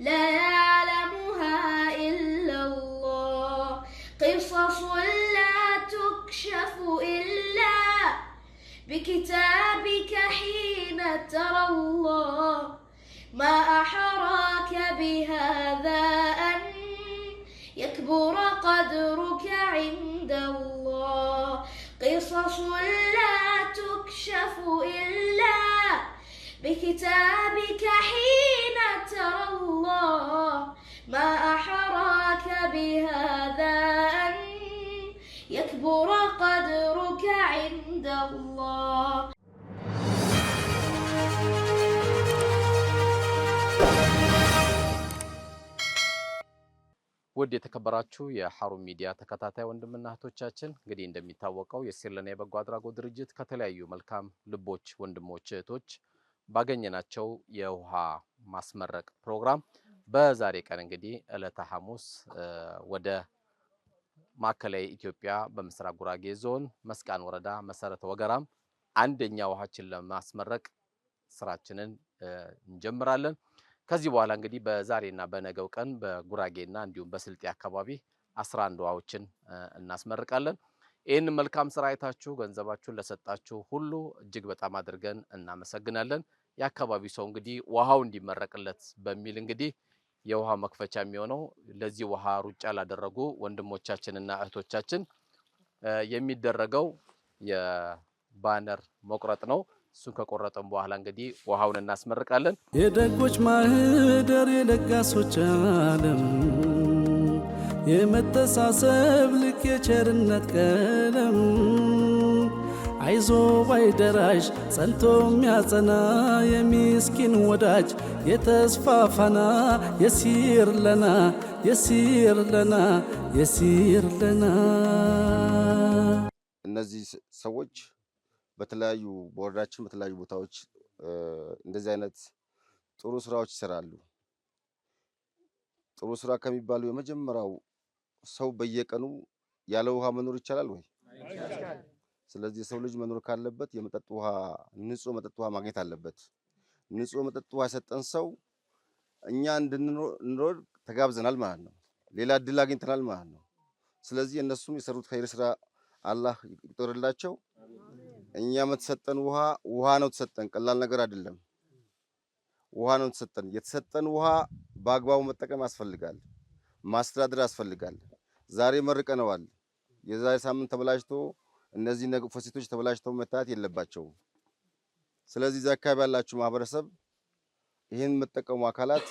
لا يعلمها إلا الله قصص لا تكشف إلا بكتابك حين ترى الله ما أحراك بهذا أن يكبر قدرك عند الله قصص لا تكشف إلا بكتابك حين ترى الله ما أحراك بهذا أن يكبر قدرك عند الله ውድ የተከበራችሁ የሀሩን ሚዲያ ተከታታይ ወንድምና እህቶቻችን እንግዲህ እንደሚታወቀው የሲርለና የበጎ አድራጎት ድርጅት ከተለያዩ መልካም ልቦች ወንድሞች እህቶች ባገኘናቸው የውሃ ማስመረቅ ፕሮግራም በዛሬ ቀን እንግዲህ ዕለተ ሐሙስ ወደ ማዕከላዊ ኢትዮጵያ በምስራቅ ጉራጌ ዞን መስቃን ወረዳ መሰረተ ወገራም አንደኛ ውሃችን ለማስመረቅ ስራችንን እንጀምራለን። ከዚህ በኋላ እንግዲህ በዛሬና በነገው ቀን በጉራጌና እንዲሁም በስልጤ አካባቢ 11 ውሃዎችን እናስመርቃለን። ይህን መልካም ስራ አይታችሁ ገንዘባችሁን ለሰጣችሁ ሁሉ እጅግ በጣም አድርገን እናመሰግናለን። የአካባቢ ሰው እንግዲህ ውሃው እንዲመረቅለት በሚል እንግዲህ የውሃ መክፈቻ የሚሆነው ለዚህ ውሃ ሩጫ ላደረጉ ወንድሞቻችንና እህቶቻችን የሚደረገው የባነር መቁረጥ ነው። እሱን ከቆረጠን በኋላ እንግዲህ ውሃውን እናስመርቃለን። የደጎች ማህደር፣ የለጋሶች ዓለም፣ የመተሳሰብ ልክ፣ የቸርነት ቀን አይዞ ባይደራሽ ጸንቶ የሚያጸና የሚስኪን ወዳጅ የተስፋ ፋና የሲር ለና የሲር ለና የሲር ለና። እነዚህ ሰዎች በተለያዩ በወረዳችን በተለያዩ ቦታዎች እንደዚህ አይነት ጥሩ ስራዎች ይሰራሉ። ጥሩ ስራ ከሚባሉ የመጀመሪያው ሰው በየቀኑ ያለ ውሃ መኖር ይቻላል ወይ? ስለዚህ የሰው ልጅ መኖር ካለበት የመጠጥ ውሃ ንጹህ መጠጥ ውሃ ማግኘት አለበት። ንጹህ መጠጥ ውሃ የሰጠን ሰው እኛ እንድንኖር ተጋብዘናል ማለት ነው። ሌላ እድል አግኝተናል ማለት ነው። ስለዚህ እነሱም የሰሩት ኸይር ስራ አላህ ይቁጠርላቸው። እኛም የተሰጠን ውሃ ውሃ ነው ተሰጠን፣ ቀላል ነገር አይደለም። ውሃ ነው ተሰጠን። የተሰጠን ውሃ በአግባቡ መጠቀም ያስፈልጋል፣ ማስተዳደር ያስፈልጋል። ዛሬ መርቀነዋል። የዛሬ ሳምንት ተበላሽቶ እነዚህ ፎሲቶች ተበላሽተው መታየት የለባቸውም። ስለዚህ እዚህ አካባቢ ያላችሁ ማህበረሰብ ይህን የምትጠቀሙ አካላት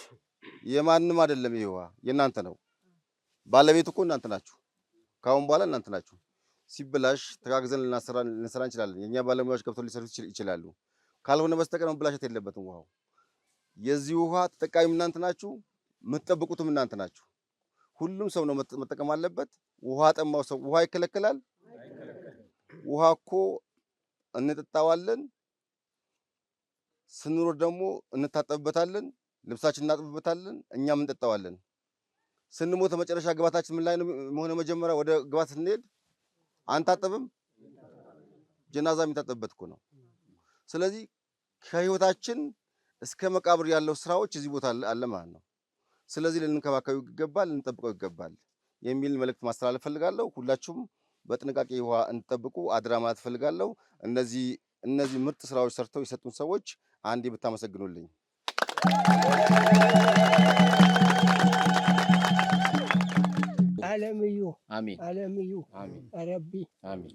የማንም አይደለም፣ ይሄ ውሃ የእናንተ ነው። ባለቤት እኮ እናንተ ናችሁ። ካሁን በኋላ እናንተ ናችሁ። ሲበላሽ ተጋግዘን ልንሰራ እንችላለን። የእኛ ባለሙያዎች ገብተው ሊሰሩ ይችላሉ። ካልሆነ በስተቀር መበላሸት የለበትም ውሃው። የዚህ ውሃ ተጠቃሚም እናንተ ናችሁ፣ የምትጠብቁትም እናንተ ናችሁ። ሁሉም ሰው ነው መጠቀም አለበት። ውሃ ጠማው ሰው ውሃ ይከለከላል። ውሃ እኮ እንጠጣዋለን፣ ስንኖር ደግሞ እንታጠብበታለን፣ ልብሳችን እናጥብበታለን፣ እኛም እንጠጣዋለን። ስንሞት መጨረሻ ግባታችን ምን ላይ መሆነ? መጀመሪያ ወደ ግባት ስንሄድ አንታጠብም። ጀናዛ የሚታጠብበት እኮ ነው። ስለዚህ ከህይወታችን እስከ መቃብር ያለው ስራዎች እዚህ ቦታ አለ ማለት ነው። ስለዚህ ልንከባከበው ይገባል፣ ልንጠብቀው ይገባል የሚል መልእክት ማስተላለፍ ፈልጋለሁ ሁላችሁም በጥንቃቄ ውሃ እንጠብቁ አድራ ማለት ፈልጋለሁ። እነዚህ እነዚህ ምርጥ ስራዎች ሰርተው የሰጡን ሰዎች አንዴ ብታመሰግኑልኝ። አለምዩ አሚን፣ አለምዩ አሚን፣ ረቢ አሚን።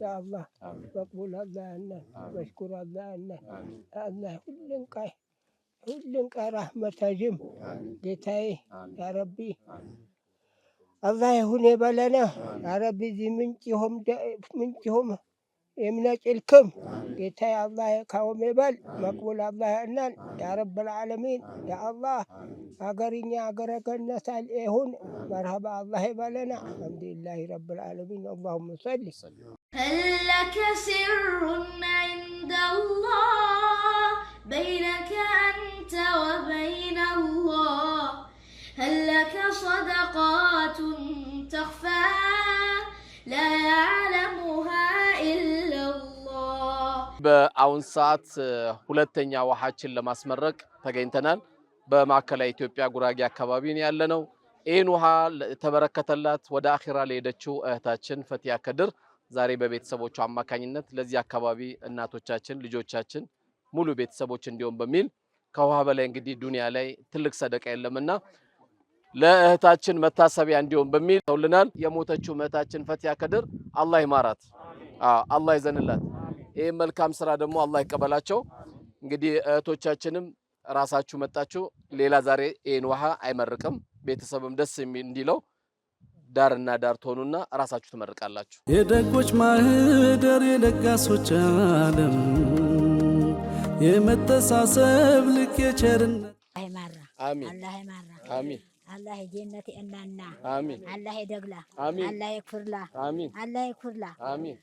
መቅቡል አላህ ያናል መሽኩር አላህ ያናል አላህ ሁሉን ቃይ ሁሉን ቃ ራህመታዥም ጌታዬ ያረቢ አሚን። الله يهون يبلنا يا ربي زي منتهم منتهم يمنك الكم قلت يا الله كوم يبل مقبول الله أنان يا رب العالمين يا الله أقرين يا الناس يهون مرحبا الله يبلنا الحمد لله رب العالمين اللهم صل هل لك سر عند الله بينك أنت وبين الله هل لك صدقات تخفى لا يعلمها إلا በአሁን ሰዓት ሁለተኛ ውሃችን ለማስመረቅ ተገኝተናል። በማዕከላዊ ኢትዮጵያ ጉራጌ አካባቢ ነው ያለነው። ይህን ውሃ ተበረከተላት ወደ አኺራ ለሄደችው እህታችን ፈቲያ ከድር ዛሬ በቤተሰቦቹ አማካኝነት ለዚህ አካባቢ እናቶቻችን፣ ልጆቻችን ሙሉ ቤተሰቦች እንዲሆን በሚል ከውሃ በላይ እንግዲህ ዱንያ ላይ ትልቅ ሰደቃ የለምና ለእህታችን መታሰቢያ እንዲሆን በሚል ተውልናል። የሞተችው እህታችን ፈቲያ ከድር አላህ ይማራት፣ አላህ ይዘንላት። ይህም መልካም ስራ ደግሞ አላህ ይቀበላቸው። እንግዲህ እህቶቻችንም ራሳችሁ መጣችሁ ሌላ ዛሬ ይህን ውሃ አይመርቅም ቤተሰብም ደስ እንዲለው ዳርና ዳር ትሆኑና ራሳችሁ ትመርቃላችሁ። የደጎች ማህደር የለጋሶች አለም፣ የመተሳሰብ ልክ የቸርነት አሚን አሚን አላህ የጀነት እናና አሚን። አላህ የደግላ አሚን። አላህ የክፍርላ አሚን። አላህ የክፍርላ አሚን።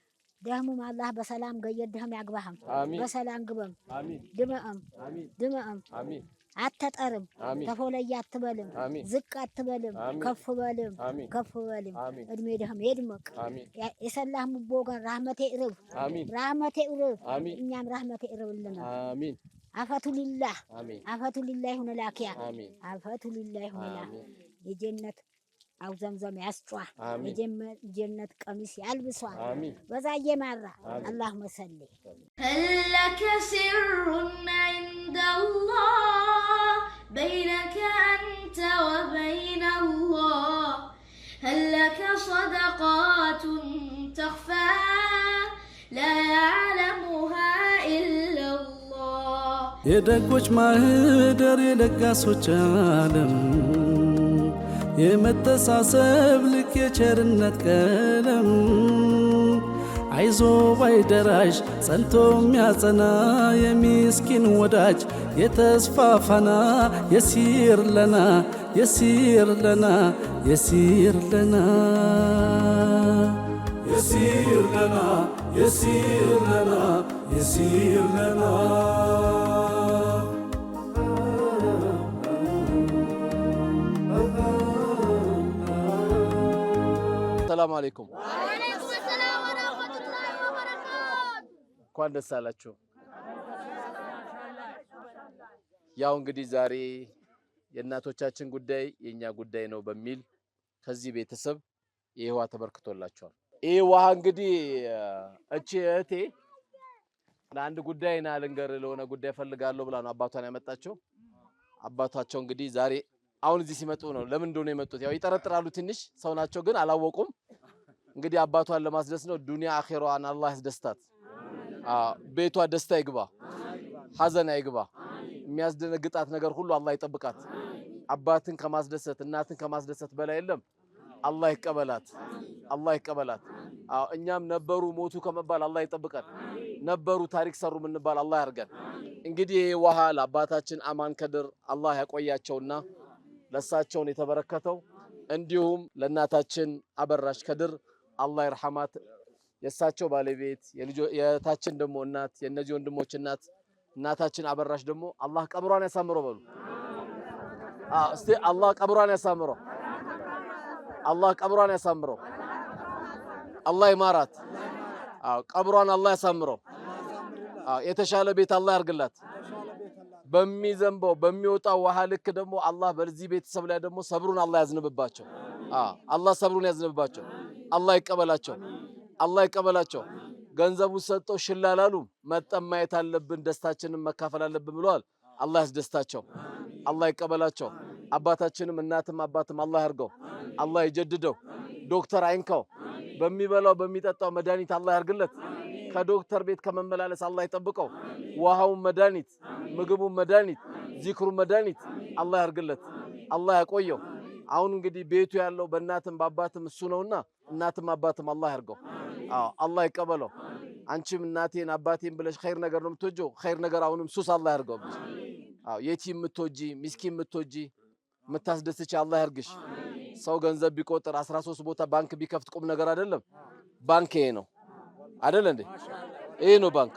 ደህሙም አላህ በሰላም ገየት ደህም ያግባህም በሰላም ግበም ድመእም ድመእም አተጠርም ተፎለየ አትበልም ዝቅ አትበልም ከፍ በልም ከፍ በልም እድሜ ደህም የድመቅ የሰላህ ምቦ ራህመቴ እርብ ራህመቴ እርብ እኛም ራህመቴ እርብልና አፈቱ ሊላህ አፈቱ ሊላህ ሆነ ላኪያ አፈቱ ሊላህ ሆነ ላ የጀነት አው ዘምዘም ያስጧ የጀነት ቀሚስ ያልብሷ በዛ እየማራ አላሁመ ሰሊ هلك سر عند الله بينك أنت وبين الله هل لك صدقات تخفى لا يعلم የደጎች ማህደር የለጋሶች ዓለም የመተሳሰብ ልክ የቸርነት ቀለም አይዞ ባይደራሽ ጸንቶ የሚያጸና የሚስኪን ወዳጅ የተስፋ ፋና የሲር ለና የሲር ለና የሲር ለና የሲር ለና የሲር ለና የሲር ለና ሰላም አለይኩም። እንኳን ደስ አላችሁ። ያው እንግዲህ ዛሬ የእናቶቻችን ጉዳይ የኛ ጉዳይ ነው በሚል ከዚህ ቤተሰብ ይሄ ውሃ ተበርክቶላቸዋል። ይሄ ውሃ እንግዲህ እቺ እህቴ ለአንድ ጉዳይ ና ልንገር ለሆነ ጉዳይ ፈልጋለሁ ብላ ነው አባቷን ያመጣቸው። አባቷቸው እንግዲህ ዛሬ አሁን እዚህ ሲመጡ ነው ለምን እንደሆነ የመጡት። ያው ይጠረጥራሉ ትንሽ ሰው ናቸው ግን አላወቁም። እንግዲህ አባቷን ለማስደስ ነው። ዱንያ አኺራዋን አላህ ያስደስታት። ቤቷ ደስታ ይግባ፣ ሀዘን አይግባ። የሚያስደነግጣት ነገር ሁሉ አላህ ይጠብቃት። አባትን ከማስደሰት እናትን ከማስደሰት በላይ የለም። አላህ ይቀበላት፣ አላህ ይቀበላት። እኛም ነበሩ ሞቱ ከመባል አላህ ይጠብቀን። ነበሩ ታሪክ ሰሩ የምንባል አላህ ያርገን። እንግዲህ ይህ ውሃ ለአባታችን አማን ከድር አላህ ያቆያቸውና ለሳቸውን የተበረከተው እንዲሁም ለእናታችን አበራሽ ከድር አላህ ይርሐማት የእሳቸው ባለቤት የታችን ደግሞ እናት የእነዚህ ወንድሞች እናት እናታችን አበራሽ ደግሞ አላህ ቀብሯን ያሳምረው። በሉ እስቲ አላህ ቀብሯን ያሳምረው። አላህ ቀብሯን ያሳምረው። አላህ ይማራት። አዎ ቀብሯን አላህ ያሳምረው። የተሻለ ቤት አላህ ያርግላት። በሚዘንበው በሚወጣው ውሃ ልክ ደግሞ አላህ በዚህ ቤተሰብ ላይ ደግሞ ሰብሩን አላህ ያዝንብባቸው። አላህ ሰብሩን ያዝንብባቸው። አላህ ይቀበላቸው። አላህ ይቀበላቸው። ገንዘቡ ሰጠው ሽላላሉ መጠን ማየት አለብን፣ ደስታችንን መካፈል አለብን ብለዋል። አላህ ያስደስታቸው። አላህ ይቀበላቸው። አባታችንም እናትም አባትም አላህ ያርገው፣ አላህ ይጀድደው። ዶክተር አይንካው። በሚበላው በሚጠጣው መድኃኒት አላህ ያርግለት። ከዶክተር ቤት ከመመላለስ አላህ ይጠብቀው። ውሃውን መድኃኒት፣ ምግቡን መድኃኒት፣ ዚክሩ መድኃኒት አላህ ያርግለት፣ አላህ ያቆየው። አሁን እንግዲህ ቤቱ ያለው በእናትም በአባትም እሱ ነውና እናትም አባትም አላህ ያርገው። አዎ አላህ ይቀበለው። አንቺም እናቴን አባቴን ብለሽ ኸይር ነገር ነው የምትወጂው። ኸይር ነገር አሁንም ሱስ አላህ ያርገው። አዎ የቲም የምትወጂ ሚስኪን የምትወጂ የምታስደስች አላህ ያርግሽ። ሰው ገንዘብ ቢቆጥር 13 ቦታ ባንክ ቢከፍት ቁም ነገር አይደለም። ባንክ ይሄ ነው። አይደለ እንዴ? ይሄ ነው ባንክ።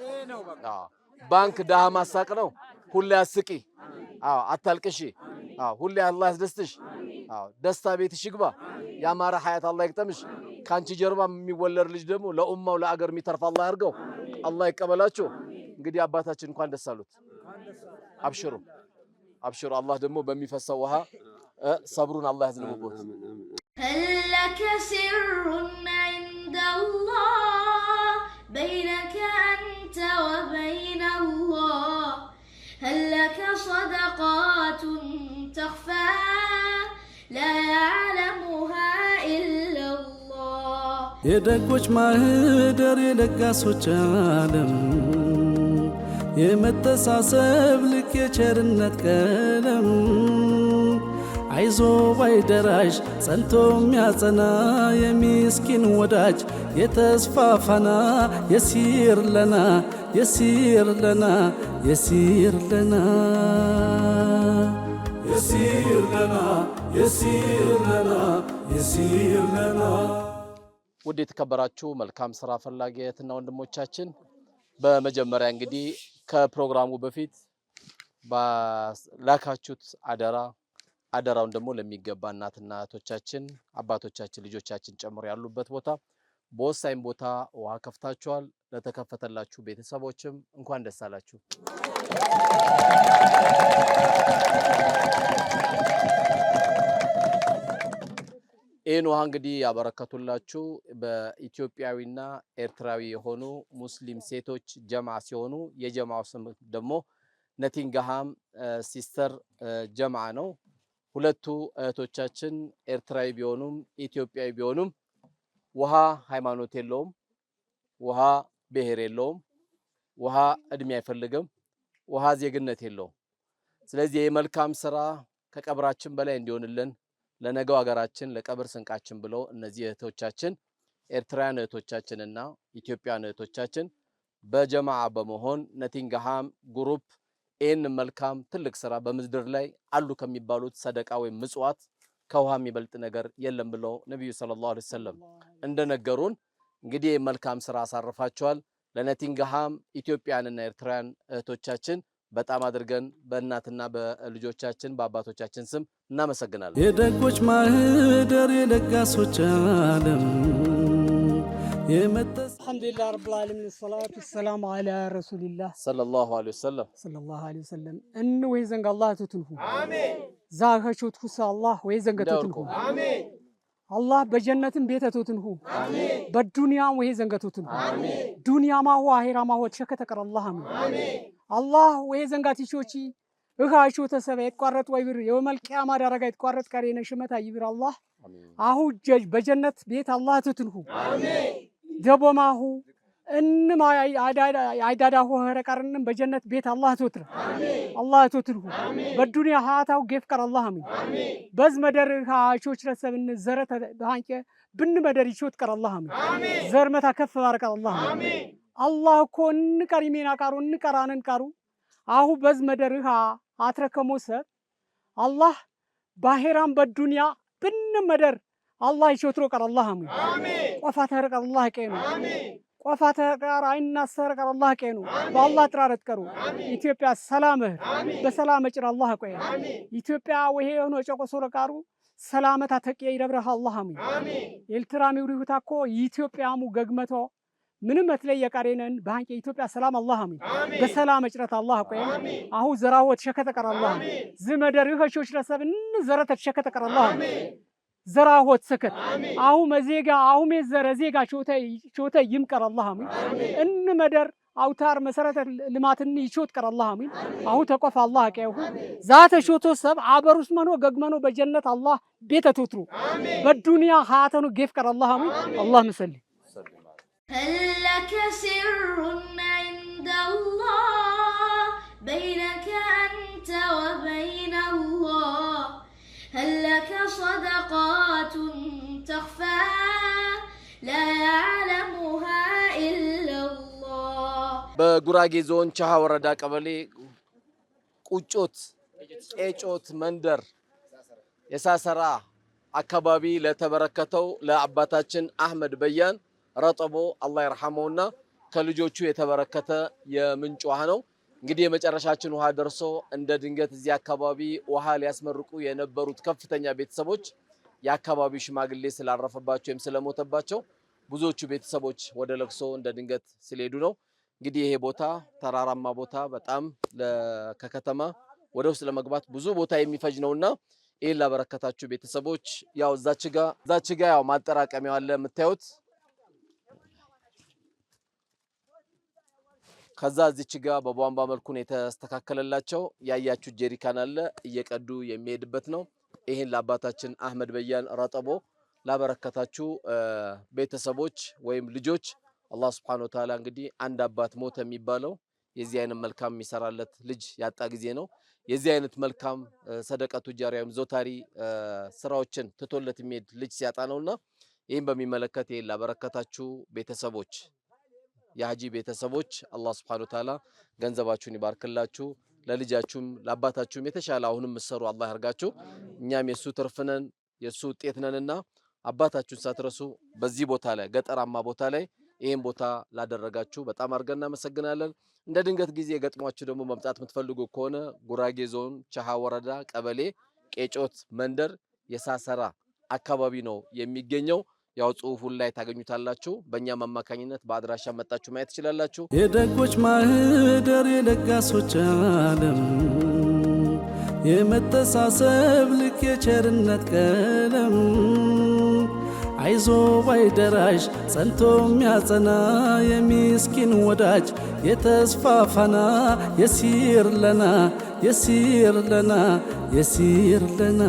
ባንክ ዳሃ ማሳቅ ነው። ሁሌ አስቂ፣ አታልቅሺ፣ ሁሌ አላህ ያስደስትሽ፣ ደስታ ቤትሽ ይግባ፣ የአማረ ሀያት አላህ ይግጠምሽ። ከአንቺ ጀርባ የሚወለድ ልጅ ደግሞ ለኡማው ለአገር የሚተርፍ አላህ ያርገው። አላህ ይቀበላችሁ እንግዲህ አባታችን እንኳን ደስ አሉት። አብሽሩ አብሽሩ። አላህ ደግሞ በሚፈሰው ውሃ ሰብሩን አላህ ያዝንብቦት። بينك أنت وبين الله هل لك صدقات تخفى لا يعلمها إلا الله يدكوش ما هدر يدك سوچ عالم يمت ساسب لك يشرنت كلم አይዞ ባይደራሽ ደራሽ ጸንቶ የሚያጸና የሚስኪን ወዳጅ የተስፋ ፋና የሲር ለና የሲር ለና የሲር ለና የሲር ለና የሲር ለና የሲር ለና ውድ የተከበራችሁ መልካም ስራ ፈላጊ እህትና ወንድሞቻችን በመጀመሪያ እንግዲህ ከፕሮግራሙ በፊት ላካችሁት አደራ አደራውን ደግሞ ለሚገባ እናትና እህቶቻችን፣ አባቶቻችን፣ ልጆቻችን ጨምሮ ያሉበት ቦታ በወሳኝ ቦታ ውሃ ከፍታችኋል። ለተከፈተላችሁ ቤተሰቦችም እንኳን ደስ አላችሁ። ይህን ውሃ እንግዲህ ያበረከቱላችሁ በኢትዮጵያዊና ኤርትራዊ የሆኑ ሙስሊም ሴቶች ጀማ ሲሆኑ የጀማው ስም ደግሞ ነቲንግሃም ሲስተር ጀማ ነው። ሁለቱ እህቶቻችን ኤርትራዊ ቢሆኑም ኢትዮጵያዊ ቢሆኑም ውሃ ሃይማኖት የለውም፣ ውሃ ብሔር የለውም፣ ውሃ እድሜ አይፈልግም፣ ውሃ ዜግነት የለውም። ስለዚህ የመልካም ስራ ከቀብራችን በላይ እንዲሆንልን ለነገው ሀገራችን ለቀብር ስንቃችን ብለው እነዚህ እህቶቻችን ኤርትራውያን እህቶቻችንና ኢትዮጵያውያን እህቶቻችን በጀማዓ በመሆን ነቲንግሃም ግሩፕ ይህን መልካም ትልቅ ስራ በምድር ላይ አሉ ከሚባሉት ሰደቃ ወይም ምጽዋት ከውሃ የሚበልጥ ነገር የለም ብለው ነቢዩ ሰለላሁ ዐለይሂ ወሰለም እንደነገሩን እንግዲህ መልካም ስራ አሳርፋቸዋል። ለነቲንግሃም ኢትዮጵያንና ኤርትራውያን እህቶቻችን በጣም አድርገን በእናትና በልጆቻችን በአባቶቻችን ስም እናመሰግናለን። የደጎች ማህደር የለጋሶች ዓለም አልሐምዱሊላህ ረብል ዓለሚን ወሰላቱ ወሰላሙ ዐላ ረሱሊላህ ሰለላሁ ዐለይሂ ወሰለም ሰለላሁ ዐለይሂ ወሰለም እን ወይ ዘንግ አላህ ትትንሁ አሜን ዛኸቾት ኩሳ አላህ ወይ ዘንግ ትትንሁ አሜን አላህ በጀነትም ቤተ ትትንሁ አሜን በዱንያም ወይ ዘንግ ትትንሁ አሜን ዱንያማ ሆ አኺራማ ሆ ተሸከተቀር አላህ አሜን አላህ ወይ ዘንጋ ቲቾቺ እኻቾ ተሰበ ይቋረጥ ወይ ብር የወመል ቂያማ ዳረጋ ይቋረጥ ቀሬ ነሽመታ ይብር አላህ አሁን ጀጅ በጀነት ቤት አላህ ትትንሁ አሜን ደቦማሁ እንም አይዳዳሁ ረቀርንም በጀነት ቤት አላህ ትወትር አላህ ትወትር በዱንያ ሀያታው ጌፍቀር አላህ አሚን በዝ መደር ሀቾች ረሰብን ዘረ ተሃንቄ ብን መደር ይቾት ቀር አላህ አሚን ዘር መታ ከፍ ባረቀር አላህ አሚን አላህ እኮ እንቀር ይሜና ቃሩ እንቀራንን ቃሩ አሁ በዝ መደር ሀ አትረከሞሰ አላህ ባሄራም በዱንያ ብን መደር አላህ ይሾትሮ ቀር አላህ አሙ ቆፋታ ረቀር አላህ ቀኑ ቆፋታ ረቀር አይናሰር ቀር አላህ ቀኑ በአላህ ጥራረት ቀሩ ኢትዮጵያ ሰላምህ በሰላም ጭር አላህ ቆየ ኢትዮጵያ ወሄ ሆኖ ጨቆሶ ረቃሩ ሰላመታ ተቂየ ይደብረህ አላህ አሙ ኤልትራም ይውሪሁታ እኮ ኢትዮጵያሙ ገግመቶ ምንም መትለይ የቃሬነን ባንቄ ኢትዮጵያ ሰላም አላህ አሚ በሰላም እጭረት አላህ ቆይ አሁ ዘራወት ሸከተ ቀር አላህ ዝመደር ይኸሾች ረሰብን ዘረተት ሸከተ ቀር አላህ ዘራሆት ሰከት አሁ መዜጋ አሁ መዘረ ዜጋ ሾተ ሾተ ይምቀር አላህ አሚን እን መደር አውታር መሰረተ ልማትን ይሾት ቀር አላህ አሚን አሁ ተቆፍ አላህ ቀያሁ ዛተ ሾቶ ሰብ አበሩስ መኖ ገግመኖ በጀነት አላህ ቤተ ትትሩ በዱንያ ሀያተኑ ጌፍ ቀር አላህ አሚን አላህ መሰል هلك سر عند الله بينك أنت وبين الله هل لك صدقات تخفى لا يعلمها إلا الله በጉራጌ ዞን ቻሃ ወረዳ ቀበሌ ቁጮት ቄጮት መንደር የሳሰራ አካባቢ ለተበረከተው ለአባታችን አህመድ በያን ረጠቦ አላህ ይርሐመውና ከልጆቹ የተበረከተ የምንጭ ውሃ ነው። እንግዲህ የመጨረሻችን ውሃ ደርሶ እንደ ድንገት እዚህ አካባቢ ውሃ ሊያስመርቁ የነበሩት ከፍተኛ ቤተሰቦች የአካባቢው ሽማግሌ ስላረፈባቸው ወይም ስለሞተባቸው ብዙዎቹ ቤተሰቦች ወደ ለቅሶ እንደ ድንገት ስለሄዱ ነው። እንግዲህ ይሄ ቦታ ተራራማ ቦታ በጣም ከከተማ ወደ ውስጥ ለመግባት ብዙ ቦታ የሚፈጅ ነውና ይህን ላበረከታችሁ ቤተሰቦች ያው እዛች ጋ ያው ማጠራቀሚያ አለ የምታዩት ከዛ እዚች ጋ በቧንቧ መልኩን የተስተካከለላቸው ያያችሁ ጀሪካን አለ እየቀዱ የሚሄድበት ነው። ይህን ለአባታችን አህመድ በያን ረጠቦ ላበረከታችሁ ቤተሰቦች ወይም ልጆች አላህ ሱብሓነሁ ወተዓላ እንግዲህ አንድ አባት ሞተ የሚባለው የዚህ አይነት መልካም የሚሰራለት ልጅ ያጣ ጊዜ ነው። የዚህ አይነት መልካም ሰደቀቱ ጃሪያም ዞታሪ ስራዎችን ትቶለት የሚሄድ ልጅ ሲያጣ ነውና ይህም በሚመለከት ይህን ላበረከታችሁ ቤተሰቦች የሀጂ ቤተሰቦች አላህ ስብሐነሁ ወተዓላ ገንዘባችሁን ይባርክላችሁ። ለልጃችሁም ለአባታችሁም የተሻለ አሁንም ምሰሩ አላህ ያርጋችሁ። እኛም የሱ ትርፍነን የሱ ውጤትነንና ነንና አባታችሁን ሳትረሱ በዚህ ቦታ ላይ ገጠራማ ቦታ ላይ ይህን ቦታ ላደረጋችሁ በጣም አድርገን እናመሰግናለን። እንደ ድንገት ጊዜ ገጥሟችሁ ደግሞ መምጣት የምትፈልጉ ከሆነ ጉራጌ ዞን ቻሃ ወረዳ ቀበሌ ቄጮት መንደር የሳሰራ አካባቢ ነው የሚገኘው። ያው ጽሁፉን ላይ ታገኙታላችሁ። በእኛም አማካኝነት በአድራሻ መጣችሁ ማየት ትችላላችሁ። የደጎች ማህደር፣ የለጋሶች ዓለም፣ የመተሳሰብ ልክ፣ የቸርነት ቀለም፣ አይዞ ባይደራሽ ጸንቶ የሚያጸና የሚስኪን ወዳጅ፣ የተስፋ ፋና፣ የሲር ለና የሲር ለና የሲር ለና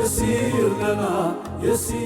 የሲር ለና Yes, he